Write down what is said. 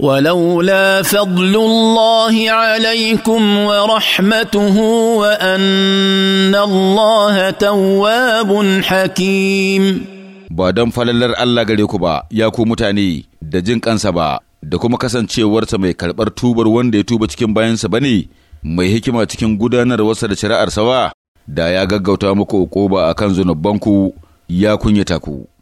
ولولا فضل الله عليكم ورحمته wa الله تواب حكيم ba don falalar Allah gare ku ba ya ku mutane da jin kansa ba da kuma kasancewarsa mai karɓar tubar wanda ya tuba cikin bayansa ba ne mai hikima cikin gudanarwarsa da shari'arsa ba da ya gaggauta muku uku a kan zunubanku ya kunyata ku